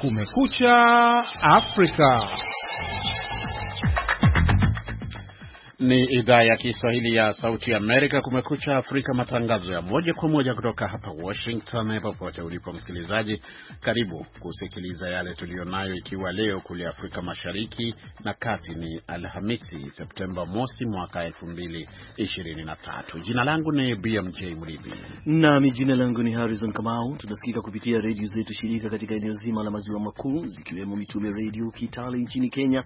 Kumekucha Afrika. Ni idhaa ya Kiswahili ya Sauti Amerika, Kumekucha Afrika, matangazo ya moja kwa moja kutoka hapa Washington. Popote ulipo msikilizaji, karibu kusikiliza yale tuliyonayo, ikiwa leo kule Afrika Mashariki na Kati ni Alhamisi Septemba mosi mwaka 2023. Jina langu ni BMJ Mridhi nami jina langu ni Harrison Kamau. Tunasikika kupitia redio zetu shirika katika eneo zima la maziwa makuu zikiwemo Mitume Redio Kitale nchini Kenya,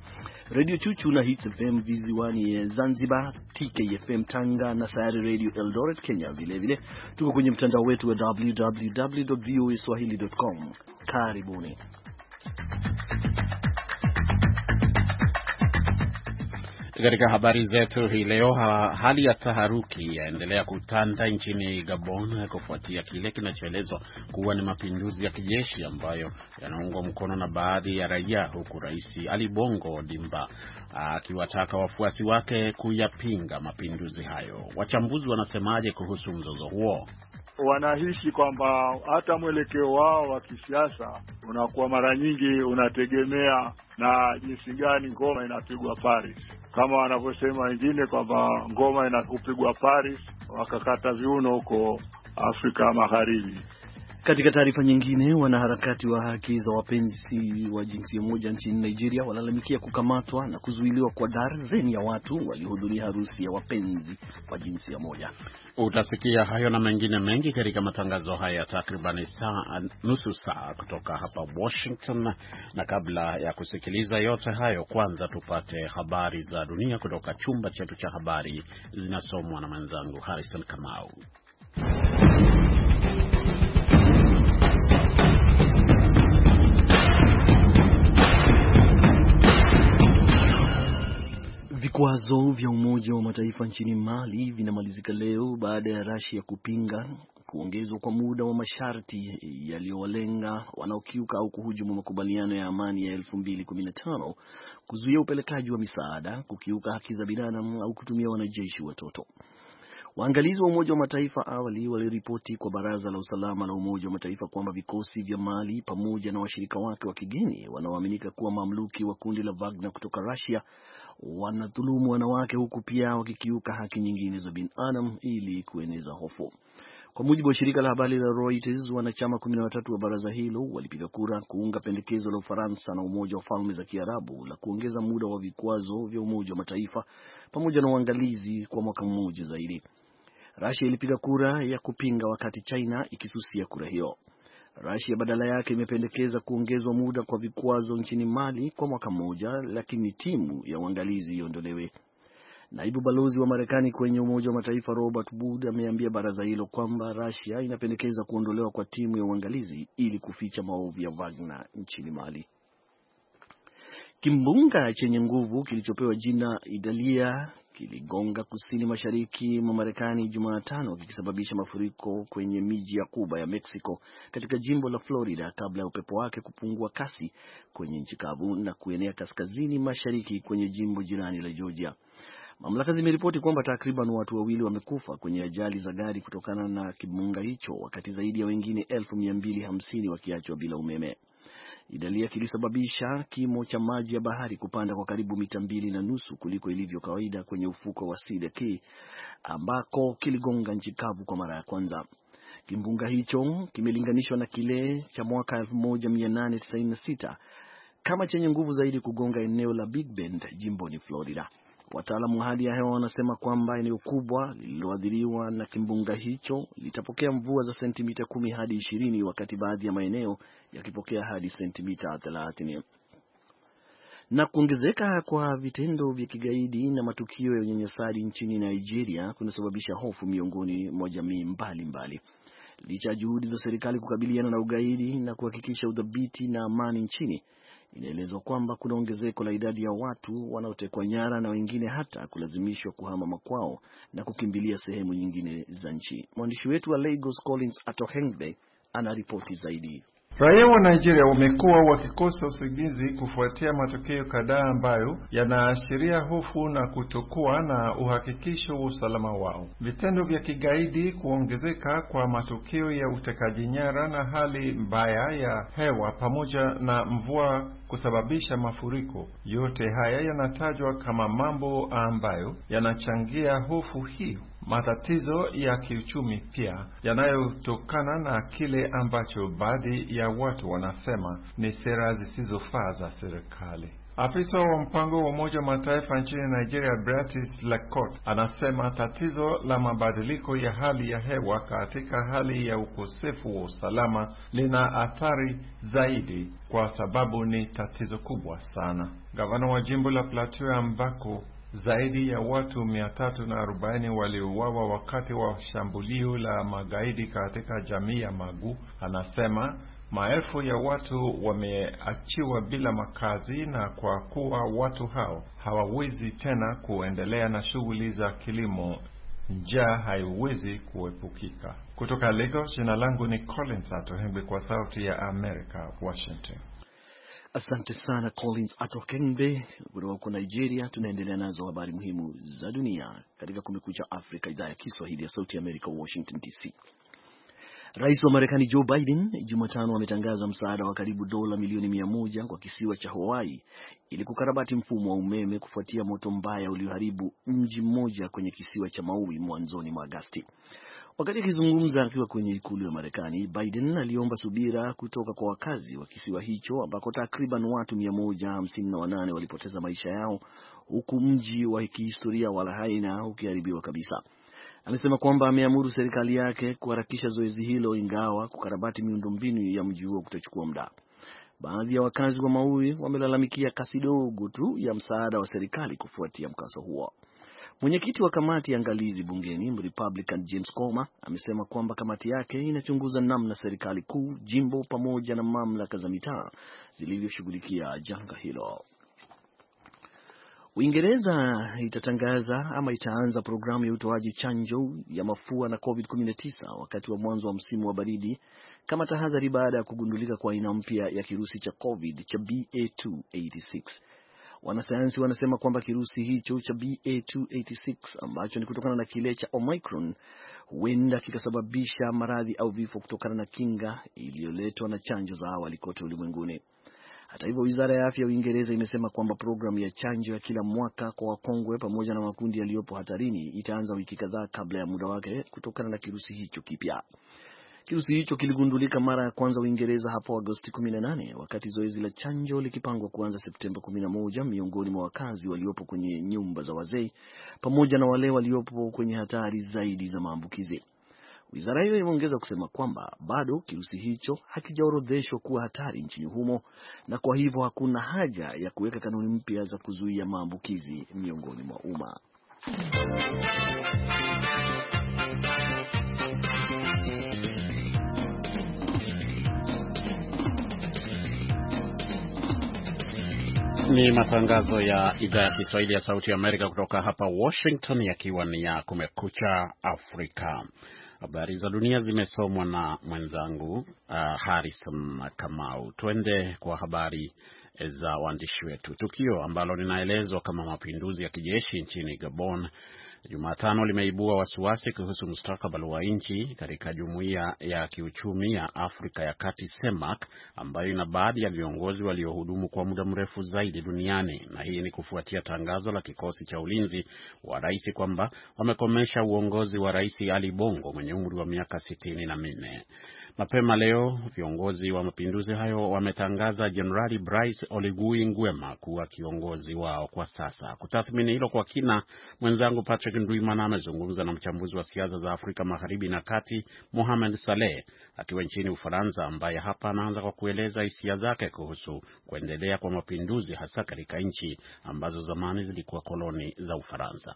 Redio Chuchu na Hits FM viziwani Zanzibar, TKFM Tanga na Sayari Radio Eldoret Kenya. Vilevile tuko kwenye mtandao wetu wa www voa swahili.com. Karibuni. Katika habari zetu hii leo, hali ya taharuki yaendelea kutanda nchini Gabon kufuatia kile kinachoelezwa kuwa ni mapinduzi ya kijeshi ambayo yanaungwa mkono na baadhi ya raia, huku Rais Ali Bongo Ondimba akiwataka wafuasi wake kuyapinga mapinduzi hayo. Wachambuzi wanasemaje kuhusu mzozo huo? wanahisi kwamba hata mwelekeo wao wa kisiasa unakuwa mara nyingi unategemea na jinsi gani ngoma inapigwa Paris, kama wanavyosema wengine kwamba ngoma inakupigwa Paris, wakakata viuno huko Afrika Magharibi. Katika taarifa nyingine, wanaharakati wa haki za wapenzi wa jinsia moja nchini Nigeria walalamikia kukamatwa na kuzuiliwa kwa darzeni ya watu waliohudhuria harusi ya wapenzi wa jinsia moja. Utasikia hayo na mengine mengi katika matangazo haya ya takriban saa nusu saa kutoka hapa Washington, na kabla ya kusikiliza yote hayo, kwanza tupate habari za dunia kutoka chumba chetu cha habari, zinasomwa na mwenzangu Harrison Kamau. Vikwazo vya Umoja wa Mataifa nchini Mali vinamalizika leo baada ya Russia kupinga kuongezwa kwa muda wa masharti yaliyowalenga wanaokiuka au kuhujumu makubaliano ya amani ya 2015 kuzuia upelekaji wa misaada, kukiuka haki za binadamu au kutumia wanajeshi watoto. Waangalizi wa Umoja wa Mataifa awali waliripoti kwa Baraza la Usalama la Umoja wa Mataifa kwamba vikosi vya Mali pamoja na washirika wake wa kigeni wanaoaminika kuwa mamluki wa kundi la Wagner kutoka Russia wanadhulumu wanawake huku pia wakikiuka haki nyingine za binadamu ili kueneza hofu. Kwa mujibu wa shirika la habari la Reuters, wanachama kumi na watatu wa baraza hilo walipiga kura kuunga pendekezo la Ufaransa na Umoja wa Falme za Kiarabu la kuongeza muda wa vikwazo vya Umoja wa Mataifa pamoja na uangalizi kwa mwaka mmoja zaidi. Russia ilipiga kura ya kupinga wakati China ikisusia kura hiyo. Rasia badala yake imependekeza kuongezwa muda kwa vikwazo nchini Mali kwa mwaka mmoja, lakini timu ya uangalizi iondolewe. Naibu balozi wa Marekani kwenye Umoja wa Mataifa Robert Wood ameambia baraza hilo kwamba Rasia inapendekeza kuondolewa kwa timu ya uangalizi ili kuficha maovu ya Wagner nchini Mali. Kimbunga chenye nguvu kilichopewa jina Idalia kiligonga kusini mashariki mwa Marekani Jumatano, kikisababisha mafuriko kwenye miji ya kuba ya Mexico katika jimbo la Florida kabla ya upepo wake kupungua kasi kwenye nchi kavu na kuenea kaskazini mashariki kwenye jimbo jirani la Georgia. Mamlaka zimeripoti kwamba takriban watu wawili wamekufa kwenye ajali za gari kutokana na kimbunga hicho, wakati zaidi ya wengine elfu mia mbili hamsini wakiachwa bila umeme idalia yake ilisababisha kimo cha maji ya bahari kupanda kwa karibu mita mbili na nusu kuliko ilivyo kawaida kwenye ufuko wa Cedar Key ambako kiligonga nchi kavu kwa mara ya kwanza. Kimbunga hicho kimelinganishwa na kile cha mwaka 1896 kama chenye nguvu zaidi kugonga eneo la Big Bend jimboni Florida. Wataalamu wa hali ya hewa wanasema kwamba eneo kubwa lililoathiriwa na kimbunga hicho litapokea mvua za sentimita kumi hadi ishirini wakati baadhi ya maeneo yakipokea hadi sentimita thelathini. Na kuongezeka kwa vitendo vya kigaidi na matukio ya unyanyasaji nchini Nigeria kunasababisha hofu miongoni mwa jamii mbalimbali. Licha ya juhudi za serikali kukabiliana na ugaidi na kuhakikisha udhabiti na amani nchini, inaelezwa kwamba kuna ongezeko la idadi ya watu wanaotekwa nyara na wengine hata kulazimishwa kuhama makwao na kukimbilia sehemu nyingine za nchi. Mwandishi wetu wa Lagos Collins Atohengbe ana ripoti zaidi. Raia wa Nigeria wamekuwa wakikosa usingizi kufuatia matukio kadhaa ambayo yanaashiria hofu na kutokuwa na uhakikisho wa usalama wao. Vitendo vya kigaidi, kuongezeka kwa matukio ya utekaji nyara na hali mbaya ya hewa pamoja na mvua kusababisha mafuriko, yote haya yanatajwa kama mambo ambayo yanachangia hofu hiyo matatizo ya kiuchumi pia yanayotokana na kile ambacho baadhi ya watu wanasema ni sera zisizofaa za serikali. Afisa wa mpango wa Umoja wa Mataifa nchini Nigeria, Beatrice Lekot, anasema tatizo la mabadiliko ya hali ya hewa katika hali ya ukosefu wa usalama lina athari zaidi, kwa sababu ni tatizo kubwa sana. Gavana wa jimbo la Plateau ambako zaidi ya watu 340 waliuawa wakati wa shambulio la magaidi katika jamii ya Magu, anasema. Maelfu ya watu wameachiwa bila makazi, na kwa kuwa watu hao hawawezi tena kuendelea na shughuli za kilimo, njaa haiwezi kuepukika. Kutoka Lagos, jina langu ni Collins Atohengwi, kwa Sauti ya Amerika, Washington. Asante sana Collins atokenbe kutoka huko Nigeria. Tunaendelea nazo habari muhimu za dunia katika Kumekucha Afrika, idhaa ya Kiswahili ya Sauti ya Amerika, Washington DC. Rais wa Marekani Joe Biden Jumatano ametangaza msaada wa karibu dola milioni mia moja kwa kisiwa cha Hawaii ili kukarabati mfumo wa umeme kufuatia moto mbaya ulioharibu mji mmoja kwenye kisiwa cha Maui mwanzoni mwa Agasti. Wakati akizungumza akiwa kwenye ikulu ya Marekani, Biden aliomba subira kutoka kwa wakazi wa kisiwa hicho ambako takriban watu 158 walipoteza maisha yao huku mji wa kihistoria wa Lahaina ukiharibiwa kabisa. Amesema kwamba ameamuru serikali yake kuharakisha zoezi hilo, ingawa kukarabati miundombinu ya mji huo kutachukua muda. Baadhi ya wakazi wa Maui wamelalamikia kasi dogo tu ya msaada wa serikali kufuatia mkaso huo. Mwenyekiti wa kamati ya angalizi bungeni Mrepublican James Comer amesema kwamba kamati yake inachunguza namna serikali kuu, jimbo pamoja na mamlaka za mitaa zilivyoshughulikia janga hilo. Uingereza itatangaza ama itaanza programu ya utoaji chanjo ya mafua na COVID-19 wakati wa mwanzo wa msimu wa baridi kama tahadhari baada ya kugundulika kwa aina mpya ya kirusi cha COVID cha BA286 Wanasayansi wanasema kwamba kirusi hicho cha BA286 ambacho ni kutokana na kile cha Omicron huenda kikasababisha maradhi au vifo kutokana na kinga iliyoletwa na chanjo za awali kote ulimwenguni. Hata hivyo, wizara ya afya ya Uingereza imesema kwamba programu ya chanjo ya kila mwaka kwa wakongwe pamoja na makundi yaliyopo hatarini itaanza wiki kadhaa kabla ya muda wake kutokana na kirusi hicho kipya. Kirusi hicho kiligundulika mara ya kwanza Uingereza hapo Agosti 18 wakati zoezi la chanjo likipangwa kuanza Septemba 11 miongoni mwa wakazi waliopo kwenye nyumba za wazee pamoja na wale waliopo kwenye hatari zaidi za maambukizi. Wizara hiyo imeongeza kusema kwamba bado kirusi hicho hakijaorodheshwa kuwa hatari nchini humo na kwa hivyo hakuna haja ya kuweka kanuni mpya za kuzuia maambukizi miongoni mwa umma. Ni matangazo ya idhaa ya Kiswahili ya Sauti ya Amerika kutoka hapa Washington, yakiwa ni ya Kumekucha Afrika. Habari za dunia zimesomwa na mwenzangu uh, Harrison Kamau. Twende kwa habari eh, za waandishi wetu. Tukio ambalo linaelezwa kama mapinduzi ya kijeshi nchini Gabon Jumatano limeibua wasiwasi kuhusu mustakabali wa nchi katika jumuiya ya kiuchumi ya Afrika ya Kati CEMAC ambayo ina baadhi ya viongozi waliohudumu kwa muda mrefu zaidi duniani, na hii ni kufuatia tangazo la kikosi cha ulinzi wa rais kwamba wamekomesha uongozi wa Rais Ali Bongo mwenye umri wa miaka sitini na minne. Mapema leo viongozi wa mapinduzi hayo wametangaza Jenerali Brice Oligui Nguema kuwa kiongozi wao kwa sasa. Kutathmini hilo kwa kina, mwenzangu Patrick Ndwimana amezungumza na mchambuzi wa siasa za Afrika Magharibi na Kati, Mohamed Saleh akiwa nchini Ufaransa, ambaye hapa anaanza kwa kueleza hisia zake kuhusu kuendelea kwa mapinduzi, hasa katika nchi ambazo zamani zilikuwa koloni za Ufaransa.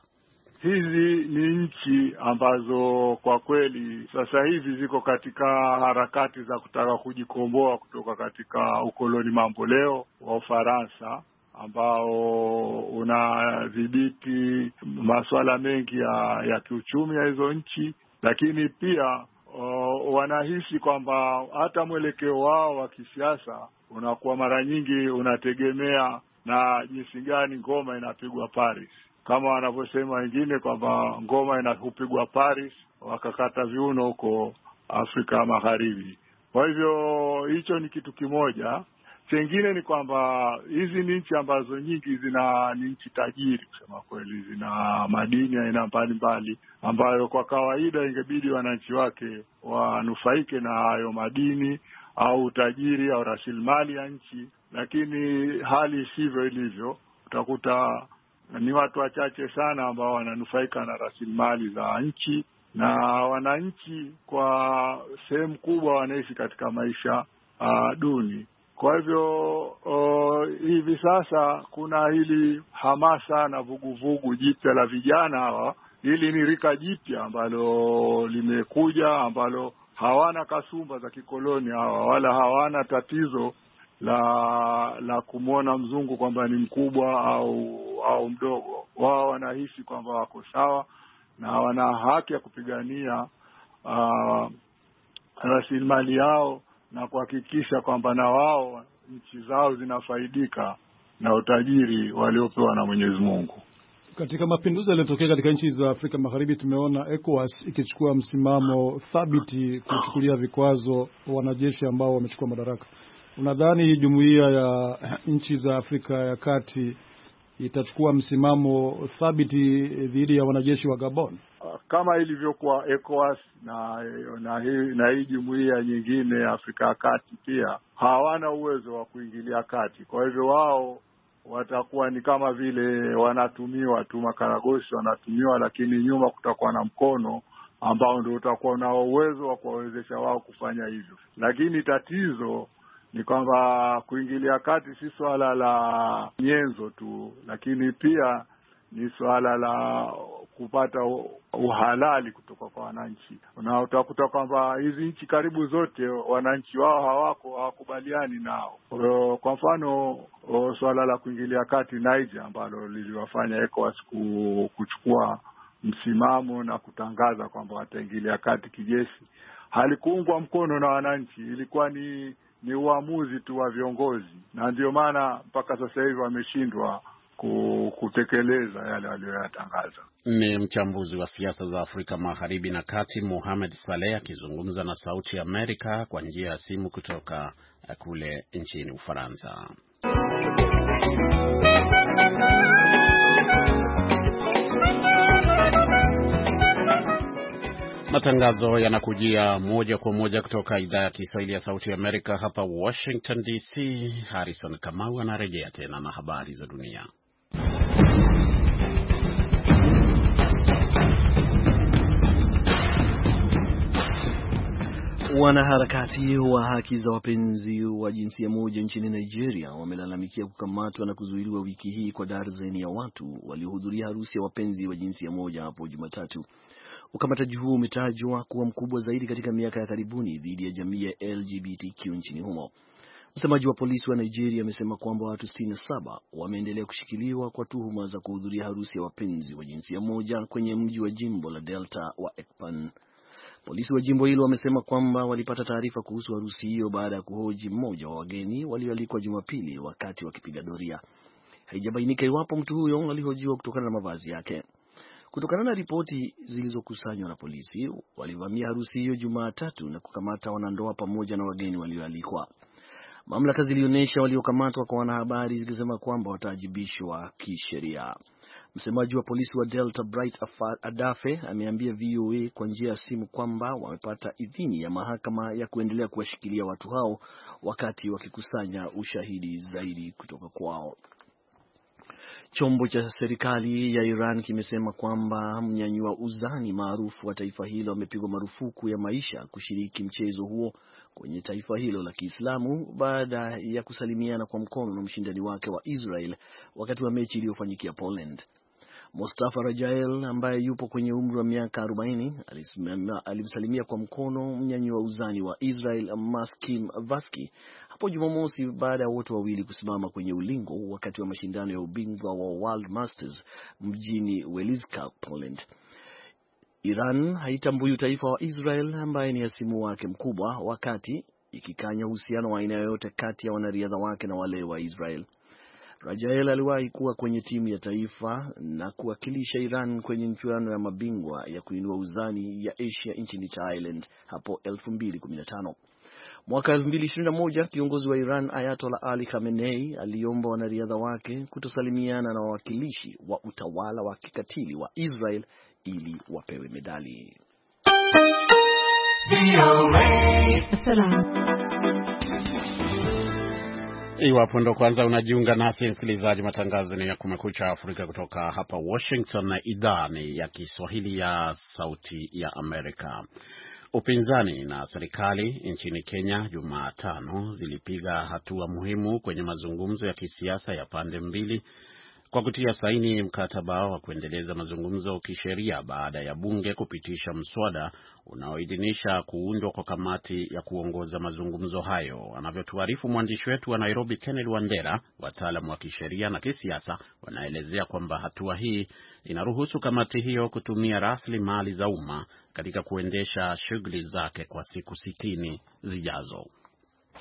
Hizi ni nchi ambazo kwa kweli sasa hivi ziko katika harakati za kutaka kujikomboa kutoka katika ukoloni mambo leo wa Ufaransa ambao unadhibiti masuala mengi ya, ya kiuchumi ya hizo nchi, lakini pia uh, wanahisi kwamba hata mwelekeo wao wa kisiasa unakuwa mara nyingi unategemea na jinsi gani ngoma inapigwa Paris kama wanavyosema wengine kwamba ngoma inahupigwa Paris, wakakata viuno huko Afrika Magharibi. Kwa hivyo hicho ni kitu kimoja. Chengine ni kwamba hizi ni nchi ambazo nyingi zina ni nchi tajiri kusema kweli, zina madini aina mbalimbali ambayo kwa kawaida ingebidi wananchi wake wanufaike na hayo madini au utajiri au rasilimali ya nchi, lakini hali isivyo ilivyo, utakuta ni watu wachache sana ambao wananufaika na rasilimali za nchi, na wananchi kwa sehemu kubwa wanaishi katika maisha uh, duni. Kwa hivyo uh, hivi sasa kuna hili hamasa na vuguvugu jipya la vijana hawa. Hili ni rika jipya ambalo limekuja, ambalo hawana kasumba za kikoloni hawa, wala hawana tatizo la la kumwona mzungu kwamba ni mkubwa au au mdogo, wao wanahisi kwamba wako sawa na wana haki ya kupigania uh, rasilimali yao na kuhakikisha kwamba na wao nchi zao zinafaidika na utajiri waliopewa na Mwenyezi Mungu. Katika mapinduzi yaliyotokea katika nchi za Afrika Magharibi, tumeona ECOWAS ikichukua msimamo thabiti kuchukulia vikwazo wanajeshi ambao wamechukua madaraka. Unadhani jumuiya ya nchi za Afrika ya Kati itachukua msimamo thabiti dhidi ya wanajeshi wa Gabon kama ilivyokuwa ECOWAS na na hii na hii jumuiya nyingine ya Afrika ya Kati, pia hawana uwezo wa kuingilia kati. Kwa hivyo wao watakuwa ni kama vile wanatumiwa tu, makaragosi wanatumiwa, lakini nyuma kutakuwa na mkono ambao ndio utakuwa nao uwezo wa kuwawezesha wao kufanya hivyo. Lakini tatizo ni kwamba kuingilia kati si suala la nyenzo tu, lakini pia ni suala la kupata uhalali kutoka kwa wananchi. Na utakuta kwamba hizi nchi karibu zote wananchi wao hawako hawakubaliani nao. Kwa mfano suala la kuingilia kati Niger ambalo liliwafanya ECOWAS kuchukua msimamo na kutangaza kwamba wataingilia kati kijeshi halikuungwa mkono na wananchi, ilikuwa ni ni uamuzi tu wa viongozi, na ndio maana mpaka sasa hivi wameshindwa kutekeleza yale waliyoyatangaza. Ni mchambuzi wa siasa za Afrika Magharibi na Kati, Mohamed Saleh akizungumza na Sauti ya Amerika kwa njia ya simu kutoka eh, kule nchini Ufaransa. Matangazo yanakujia moja kwa moja kutoka idhaa ya Kiswahili ya Sauti Amerika hapa Washington DC. Harrison Kamau anarejea tena na habari za dunia. Wanaharakati wa haki za wapenzi wa jinsia moja nchini Nigeria wamelalamikia kukamatwa na kuzuiliwa wiki hii kwa darzeni ya watu waliohudhuria harusi ya wapenzi wa jinsia moja hapo Jumatatu. Ukamataji huo umetajwa kuwa mkubwa zaidi katika miaka ya karibuni dhidi ya jamii ya LGBTQ nchini humo. Msemaji wa polisi wa Nigeria amesema kwamba watu 67 wameendelea kushikiliwa kwa tuhuma za kuhudhuria harusi ya wapenzi wa jinsia moja kwenye mji wa jimbo la Delta wa Ekpan. Polisi wa jimbo hilo wamesema kwamba walipata taarifa kuhusu harusi hiyo baada ya kuhoji mmoja wa wageni walioalikwa Jumapili wakati wakipiga doria. Haijabainika iwapo mtu huyo alihojiwa kutokana na mavazi yake. Kutokana na ripoti zilizokusanywa na polisi, walivamia harusi hiyo Jumatatu na kukamata wanandoa pamoja na wageni walioalikwa. Mamlaka zilionyesha waliokamatwa kwa wanahabari zikisema kwamba wataajibishwa kisheria. Msemaji wa polisi wa Delta Bright Adafe ameambia VOA kwa njia ya simu kwamba wamepata idhini ya mahakama ya kuendelea kuwashikilia watu hao wakati wakikusanya ushahidi zaidi kutoka kwao. Chombo cha serikali ya Iran kimesema kwamba mnyanyua uzani maarufu wa taifa hilo amepigwa marufuku ya maisha kushiriki mchezo huo kwenye taifa hilo la Kiislamu baada ya kusalimiana kwa mkono na mshindani wake wa Israel wakati wa mechi iliyofanyikia Poland. Mustafa Rajael ambaye yupo kwenye umri wa miaka 40 alimsalimia kwa mkono mnyanyi wa uzani wa Israel Maskim Vaski hapo Jumamosi baada ya wote wawili kusimama kwenye ulingo wakati wa mashindano ya ubingwa wa World Masters mjini Weliska, Poland. Iran haitambui utaifa wa Israel ambaye ni hasimu wake mkubwa, wakati ikikanya uhusiano wa aina yoyote kati ya wanariadha wake na wale wa Israel. Rajael aliwahi kuwa kwenye timu ya taifa na kuwakilisha Iran kwenye michuano ya mabingwa ya kuinua uzani ya Asia nchini Thailand hapo 2015. Mwaka 2021 kiongozi wa Iran Ayatollah Ali Khamenei aliomba wanariadha wake kutosalimiana na wawakilishi wa utawala wa kikatili wa Israel ili wapewe medali. Iwapo ndo kwanza unajiunga nasi, msikilizaji, matangazo ni ya Kumekucha Afrika kutoka hapa Washington na idhaa ni ya Kiswahili ya Sauti ya Amerika. Upinzani na serikali nchini Kenya Jumatano zilipiga hatua muhimu kwenye mazungumzo ya kisiasa ya pande mbili kwa kutia saini mkataba wa kuendeleza mazungumzo kisheria baada ya bunge kupitisha mswada unaoidhinisha kuundwa kwa kamati ya kuongoza mazungumzo hayo, anavyotuarifu mwandishi wetu wa Nairobi, Kennedy Wandera. Wataalamu wa kisheria na kisiasa wanaelezea kwamba hatua hii inaruhusu kamati hiyo kutumia rasilimali za umma katika kuendesha shughuli zake kwa siku sitini zijazo.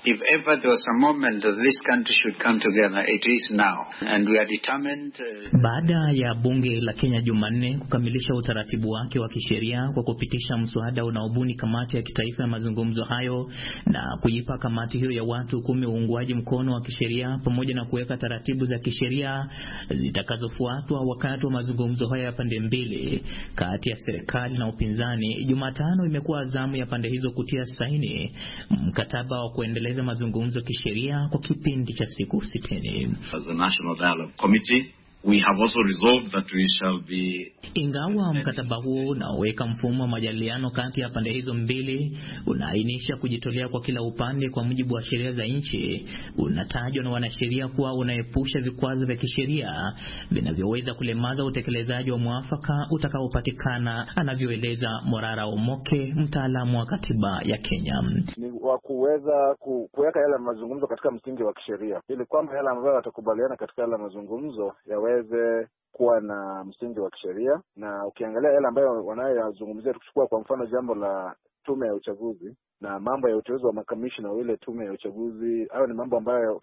If ever there was a moment that this country should come together, it is now. And we are determined... Uh, Baada ya bunge la Kenya Jumanne kukamilisha utaratibu wake wa kisheria kwa kupitisha mswada unaobuni kamati ya kitaifa ya mazungumzo hayo na kuipa kamati hiyo ya watu kumi uungwaji mkono wa kisheria pamoja na kuweka taratibu za kisheria zitakazofuatwa wakati wa mazungumzo hayo ya pande mbili kati ya serikali na upinzani, Jumatano imekuwa zamu ya pande hizo kutia saini mkataba wa kuendelea kuendeleza mazungumzo kisheria kwa kipindi cha siku sitini. We have also resolved that we shall be... Ingawa mkataba huo unaoweka mfumo wa majadiliano kati ya pande hizo mbili unaainisha kujitolea kwa kila upande kwa mujibu wa sheria za nchi, unatajwa na wanasheria kuwa unaepusha vikwazo vya kisheria vinavyoweza kulemaza utekelezaji wa mwafaka utakaopatikana, anavyoeleza Morara Omoke, mtaalamu wa katiba ya Kenya. Ni wa kuweza kuweka yale mazungumzo katika msingi wa kisheria, ili kwamba yale ambayo yatakubaliana katika yale mazungumzo ya waweze kuwa na msingi wa kisheria. Na ukiangalia yale ambayo wanayoyazungumzia, tukichukua kwa mfano jambo la tume ya uchaguzi na mambo ya uteuzi wa makamishina wa ile tume ya uchaguzi, hayo ni mambo ambayo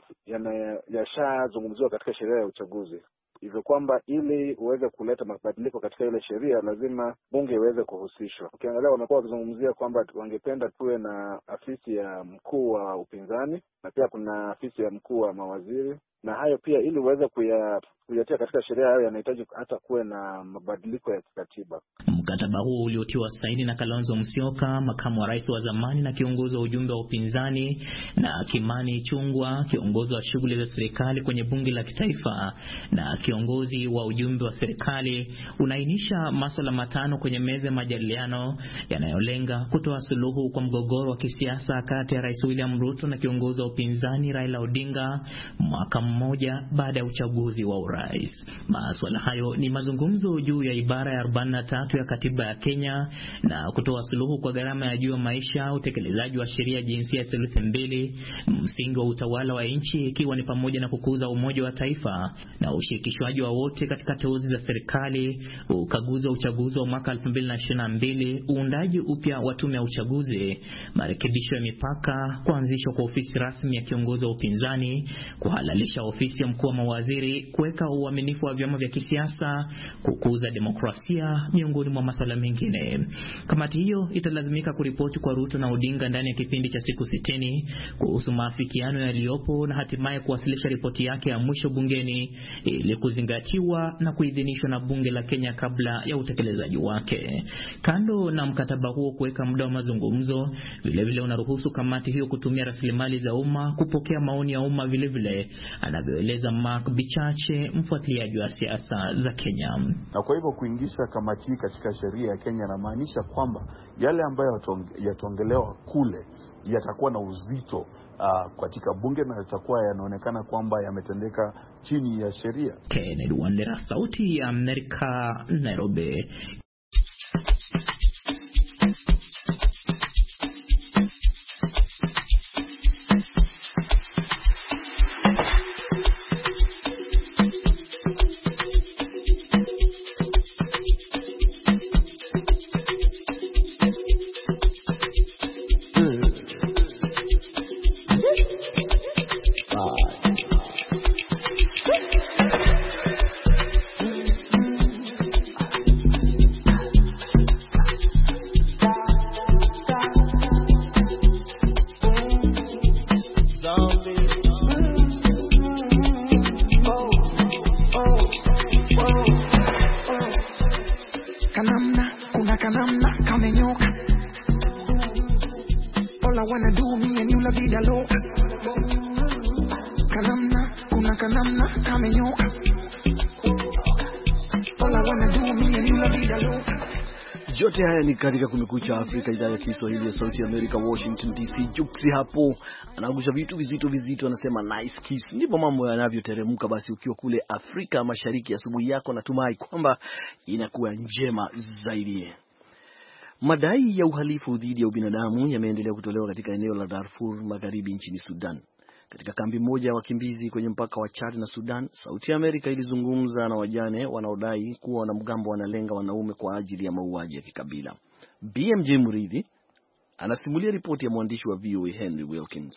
yashazungumziwa katika sheria ya uchaguzi hivyo kwamba ili uweze kuleta mabadiliko katika ile sheria lazima bunge iweze kuhusishwa. Ukiangalia wamekuwa wakizungumzia kwamba wangependa tuwe na afisi ya mkuu wa upinzani na pia kuna afisi ya mkuu wa mawaziri na hayo pia ili uweze kuya kuyatia katika sheria hayo yanahitaji hata kuwe na mabadiliko ya kikatiba. Mkataba huo uliotiwa saini na Kalonzo Musyoka, makamu wa rais wa zamani na kiongozi wa ujumbe wa upinzani, na Kimani Ichung'wah, kiongozi wa shughuli za serikali kwenye bunge la kitaifa na kiongozi wa ujumbe wa serikali, unaainisha masuala matano kwenye meza ya majadiliano yanayolenga kutoa suluhu kwa mgogoro wa kisiasa kati ya Rais William Ruto na kiongozi wa upinzani Raila Odinga mwaka mmoja baada ya uchaguzi wa urais. Maswala hayo ni mazungumzo juu ya ibara ya 43 ya katiba ya Kenya na kutoa suluhu kwa gharama ya juu ya maisha, utekelezaji wa sheria jinsia ya theluthi mbili, msingi wa utawala wa nchi ikiwa ni pamoja na kukuza umoja wa taifa na ushirikishwaji wa wote katika teuzi za serikali, ukaguzi wa uchaguzi wa mwaka 2022, uundaji upya wa tume ya uchaguzi, marekebisho ya mipaka, kuanzishwa kwa ofisi rasmi ya kiongozi wa upinzani, kuhalalisha ofisi ya mkuu wa mawaziri kuweka uaminifu wa vyama vya kisiasa, kukuza demokrasia, miongoni mwa masuala mengine. Kamati hiyo italazimika kuripoti kwa Ruto na Odinga ndani ya kipindi cha siku sitini kuhusu maafikiano yaliyopo na hatimaye kuwasilisha ripoti yake ya mwisho bungeni ili kuzingatiwa na kuidhinishwa na bunge la Kenya kabla ya utekelezaji wake. Kando na mkataba huo kuweka muda wa mazungumzo, vilevile unaruhusu kamati hiyo kutumia rasilimali za umma kupokea maoni ya umma vilevile anavyoeleza Mark Bichache, mfuatiliaji wa siasa za Kenya. Na kwa hivyo kuingisha kamati hii katika sheria ya Kenya inamaanisha kwamba yale ambayo yataongelewa kule yatakuwa na uzito Uh, katika bunge na yatakuwa yanaonekana kwamba yametendeka chini ya sheria. Kennedy Wandera, Sauti ya Amerika, Nairobi. haya ni katika Kumekucha Afrika, idhaa ya Kiswahili ya Sauti ya Amerika, Washington DC. Juksi hapo anagusha vitu vizito vizito, anasema nice kiss. Ndipo mambo yanavyoteremka. Basi ukiwa kule Afrika Mashariki, asubuhi ya yako natumai kwamba inakuwa njema zaidi. Madai ya uhalifu dhidi ya ubinadamu yameendelea kutolewa katika eneo la Darfur Magharibi nchini Sudan. Katika kambi moja ya wakimbizi kwenye mpaka wa Chad na Sudan, Sauti ya Amerika ilizungumza na wajane wanaodai kuwa wanamgambo wanalenga wanaume kwa ajili ya mauaji ya kikabila. BMJ Muridhi anasimulia ripoti ya mwandishi wa VOA Henry Wilkins.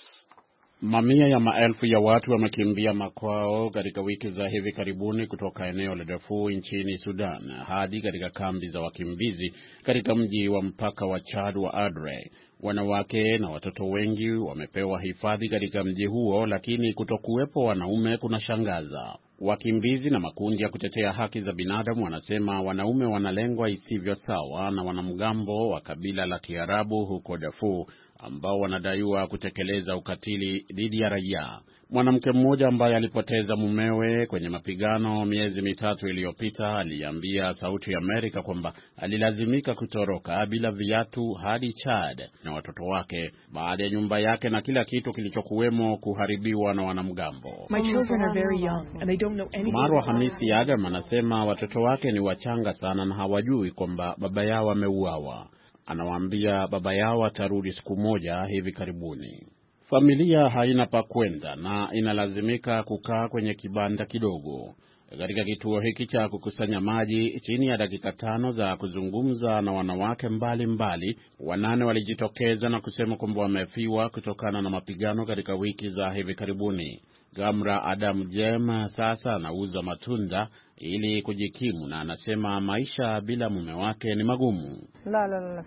Mamia ya maelfu ya watu wamekimbia makwao katika wiki za hivi karibuni kutoka eneo la Darfur nchini Sudan hadi katika kambi za wakimbizi katika mji wa mpaka wa Chad wa Adre Wanawake na watoto wengi wamepewa hifadhi katika mji huo, lakini kutokuwepo wanaume kunashangaza. Wakimbizi na makundi ya kutetea haki za binadamu wanasema wanaume wanalengwa isivyo sawa na wanamgambo wa kabila la Kiarabu huko Darfur ambao wanadaiwa kutekeleza ukatili dhidi ya raia. Mwanamke mmoja ambaye alipoteza mumewe kwenye mapigano miezi mitatu iliyopita aliambia Sauti ya Amerika kwamba alilazimika kutoroka bila viatu hadi Chad na watoto wake baada ya nyumba yake na kila kitu kilichokuwemo kuharibiwa na wanamgambo. Marwa Hamisi Adam anasema watoto wake ni wachanga sana na hawajui kwamba baba yao ameuawa. Anawaambia baba yao atarudi siku moja hivi karibuni. Familia haina pa kwenda na inalazimika kukaa kwenye kibanda kidogo katika kituo hiki cha kukusanya maji. Chini ya dakika tano za kuzungumza na wanawake mbalimbali mbali, wanane walijitokeza na kusema kwamba wamefiwa kutokana na mapigano katika wiki za hivi karibuni. Gamra Adam Jema sasa anauza matunda ili kujikimu, na anasema maisha bila mume wake ni magumu. La, la, la,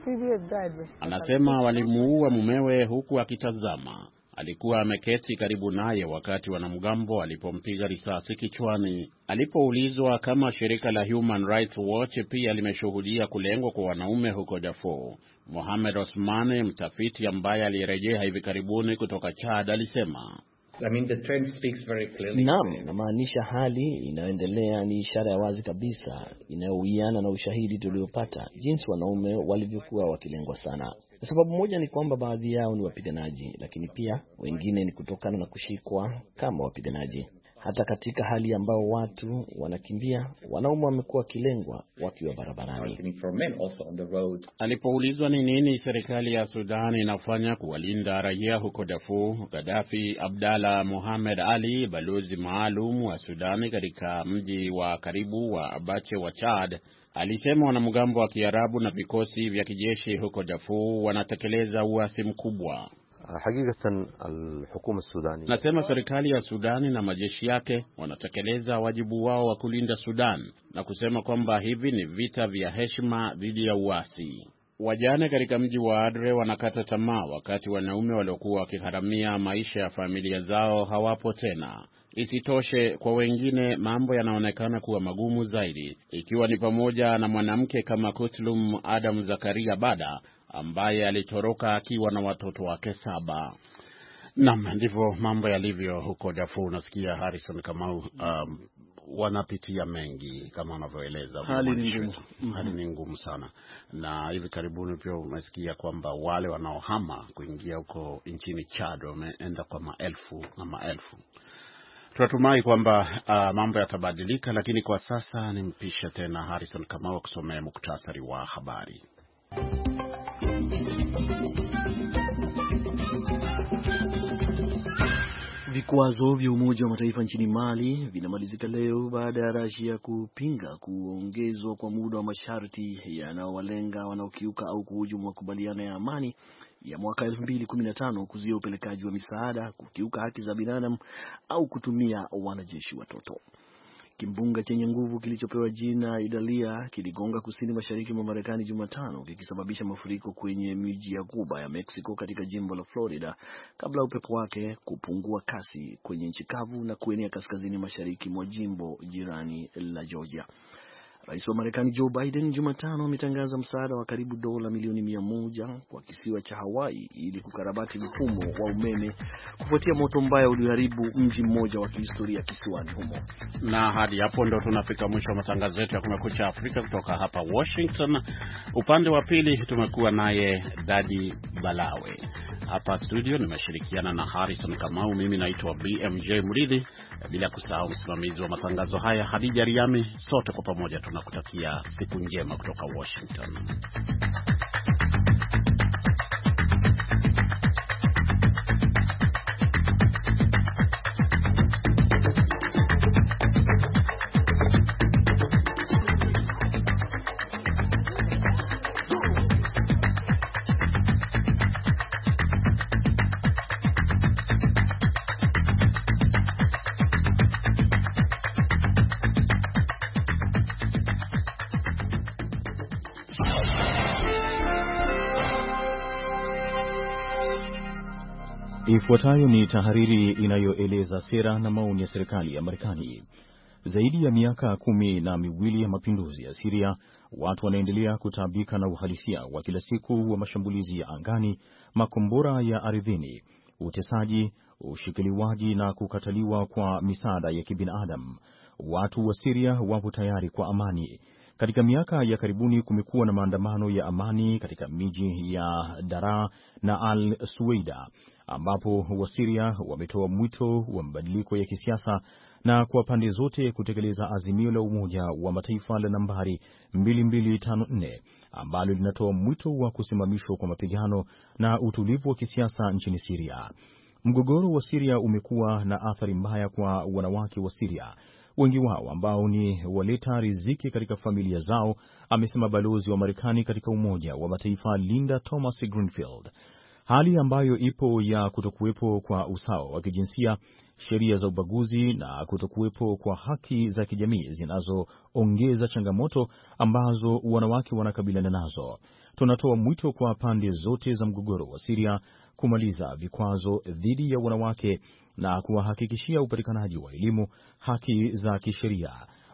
anasema walimuua mumewe huku akitazama. Alikuwa ameketi karibu naye wakati wanamgambo alipompiga risasi kichwani. Alipoulizwa kama shirika la Human Rights Watch pia limeshuhudia kulengwa kwa wanaume huko Darfur, Mohamed Osmani, mtafiti ambaye alirejea hivi karibuni kutoka Chad, alisema I mean, the trend speaks very clearly. Naam, namaanisha hali inayoendelea ni ishara ya wazi kabisa inayowiana na ushahidi tuliopata jinsi wanaume walivyokuwa wakilengwa sana. Na sababu moja ni kwamba baadhi yao ni wapiganaji, lakini pia wengine ni kutokana na kushikwa kama wapiganaji. Hata katika hali ambao watu wanakimbia, wanaume wamekuwa wakilengwa wakiwa barabarani. Alipoulizwa ni nini serikali ya Sudan inafanya kuwalinda raia huko Dafu, Gadafi Abdalla muhamed Ali, balozi maalum wa Sudani katika mji wa karibu wa Abache wa Chad, alisema wanamgambo wa Kiarabu na vikosi vya kijeshi huko Dafu wanatekeleza uasi mkubwa. Ah, Nasema serikali ya Sudani na majeshi yake wanatekeleza wajibu wao wa kulinda Sudan na kusema kwamba hivi ni vita vya heshima dhidi ya uasi. Wajane katika mji wa Adre wanakata tamaa wakati wanaume waliokuwa wakigharamia maisha ya familia zao hawapo tena. Isitoshe, kwa wengine mambo yanaonekana kuwa magumu zaidi, ikiwa ni pamoja na mwanamke kama Kutlum Adam Zakaria Bada ambaye alitoroka akiwa na watoto wake saba. Naam, ndivyo mambo yalivyo huko Darfur. Unasikia Harrison Kamau, um, wanapitia mengi kama wanavyoeleza. Hali ni ngumu, mm-hmm. hali ni ngumu sana, na hivi karibuni pia umesikia kwamba wale wanaohama kuingia huko nchini Chad wameenda kwa maelfu na maelfu. Tunatumai kwamba uh, mambo yatabadilika, lakini kwa sasa nimpishe tena Harrison Kamau kusomea muktasari wa habari. Vikwazo vya Umoja wa Mataifa nchini Mali vinamalizika leo baada ya Rasia kupinga kuongezwa kwa muda wa masharti yanayowalenga wanaokiuka au kuhujumu makubaliano ya amani ya mwaka 2015 kuzuia upelekaji wa misaada, kukiuka haki za binadamu au kutumia wanajeshi watoto. Kimbunga chenye nguvu kilichopewa jina Idalia kiligonga kusini mashariki mwa Marekani Jumatano, kikisababisha mafuriko kwenye miji ya Ghuba ya Mexico katika jimbo la Florida kabla upepo wake kupungua kasi kwenye nchi kavu na kuenea kaskazini mashariki mwa jimbo jirani la Georgia. Rais wa Marekani Joe Biden Jumatano ametangaza msaada wa karibu dola milioni mia moja kwa kisiwa cha Hawaii ili kukarabati mfumo wa umeme kufuatia moto mbaya ulioharibu mji mmoja wa kihistoria kisiwani humo. Na hadi hapo ndo tunafika mwisho wa matangazo yetu ya Kumekucha Afrika kutoka hapa Washington. Upande wa pili tumekuwa naye Dadi Balawe hapa studio, nimeshirikiana na Harrison Kamau. Mimi naitwa BMJ Mridhi, bila kusahau msimamizi wa matangazo haya Hadija Riami. Sote kwa pamoja tunakutakia siku njema kutoka Washington. Ifuatayo ni tahariri inayoeleza sera na maoni ya serikali ya Marekani. Zaidi ya miaka kumi na miwili ya mapinduzi ya Siria, watu wanaendelea kutaabika na uhalisia wa kila siku wa mashambulizi ya angani, makombora ya ardhini, utesaji, ushikiliwaji na kukataliwa kwa misaada ya kibinadamu. Watu wa Siria wapo tayari kwa amani. Katika miaka ya karibuni kumekuwa na maandamano ya amani katika miji ya Daraa na Al Suweida ambapo Wasiria wametoa mwito wa mabadiliko ya kisiasa na kwa pande zote kutekeleza azimio la Umoja wa Mataifa la nambari 2254 ambalo linatoa mwito wa kusimamishwa kwa mapigano na utulivu wa kisiasa nchini Siria. Mgogoro wa Siria umekuwa na athari mbaya kwa wanawake wa Siria, wengi wao ambao ni waleta riziki katika familia zao, amesema balozi wa Marekani katika Umoja wa Mataifa Linda Thomas Greenfield hali ambayo ipo ya kutokuwepo kwa usawa wa kijinsia, sheria za ubaguzi na kutokuwepo kwa haki za kijamii zinazoongeza changamoto ambazo wanawake wanakabiliana nazo. Tunatoa mwito kwa pande zote za mgogoro wa Siria kumaliza vikwazo dhidi ya wanawake na kuwahakikishia upatikanaji wa elimu, haki za kisheria,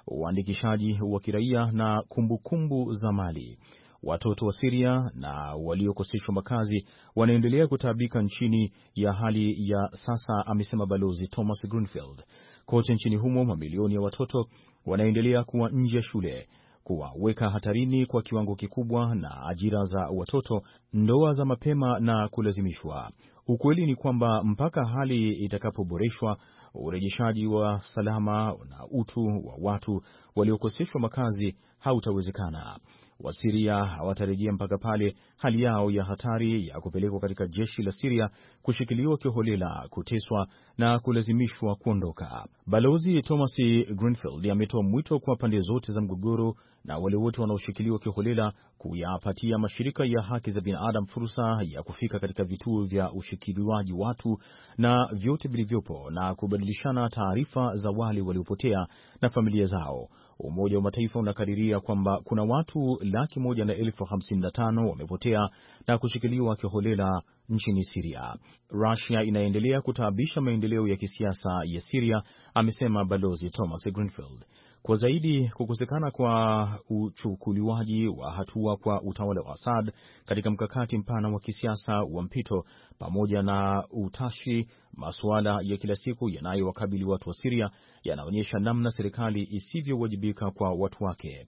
uandikishaji wa kiraia na kumbukumbu za mali. Watoto wa Siria na waliokoseshwa makazi wanaendelea kutaabika nchini ya hali ya sasa, amesema Balozi Thomas Greenfield. Kote nchini humo mamilioni ya watoto wanaendelea kuwa nje ya shule, kuwaweka hatarini kwa kiwango kikubwa na ajira za watoto, ndoa za mapema na kulazimishwa. Ukweli ni kwamba mpaka hali itakapoboreshwa, urejeshaji wa salama na utu wa watu waliokoseshwa makazi hautawezekana. Wasiria hawatarejea mpaka pale hali yao ya hatari ya kupelekwa katika jeshi la Siria, kushikiliwa kiholela, kuteswa na kulazimishwa kuondoka. Balozi Thomas Greenfield ametoa mwito kwa pande zote za mgogoro na wale wote wanaoshikiliwa kiholela kuyapatia mashirika ya haki za binadamu fursa ya kufika katika vituo vya ushikiliwaji watu na vyote vilivyopo na kubadilishana taarifa za wale waliopotea na familia zao. Umoja wa Mataifa unakadiria kwamba kuna watu laki moja na elfu hamsini na tano wamepotea na kushikiliwa kiholela nchini Siria. Rusia inaendelea kutaabisha maendeleo ya kisiasa ya Siria, amesema Balozi Thomas Greenfield. Kwa zaidi, kukosekana kwa uchukuliwaji wa hatua kwa utawala wa Assad katika mkakati mpana wa kisiasa wa mpito, pamoja na utashi masuala ya kila siku yanayowakabili watu wa Siria, yanaonyesha namna serikali isivyowajibika kwa watu wake.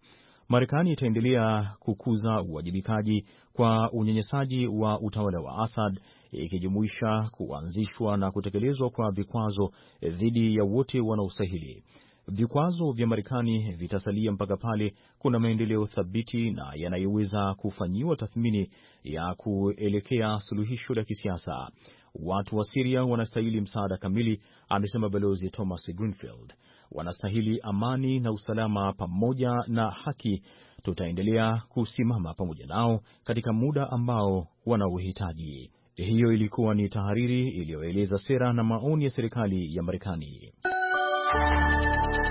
Marekani itaendelea kukuza uwajibikaji kwa unyanyasaji wa utawala wa Assad ikijumuisha kuanzishwa na kutekelezwa kwa vikwazo dhidi ya wote wanaostahili. Vikwazo vya Marekani vitasalia mpaka pale kuna maendeleo thabiti na yanayoweza kufanyiwa tathmini ya kuelekea suluhisho la kisiasa. Watu wa Siria wanastahili msaada kamili, amesema Balozi Thomas Greenfield. Wanastahili amani na usalama pamoja na haki. Tutaendelea kusimama pamoja nao katika muda ambao wanaohitaji Hiyo ilikuwa ni tahariri iliyoeleza sera na maoni ya serikali ya Marekani. うん。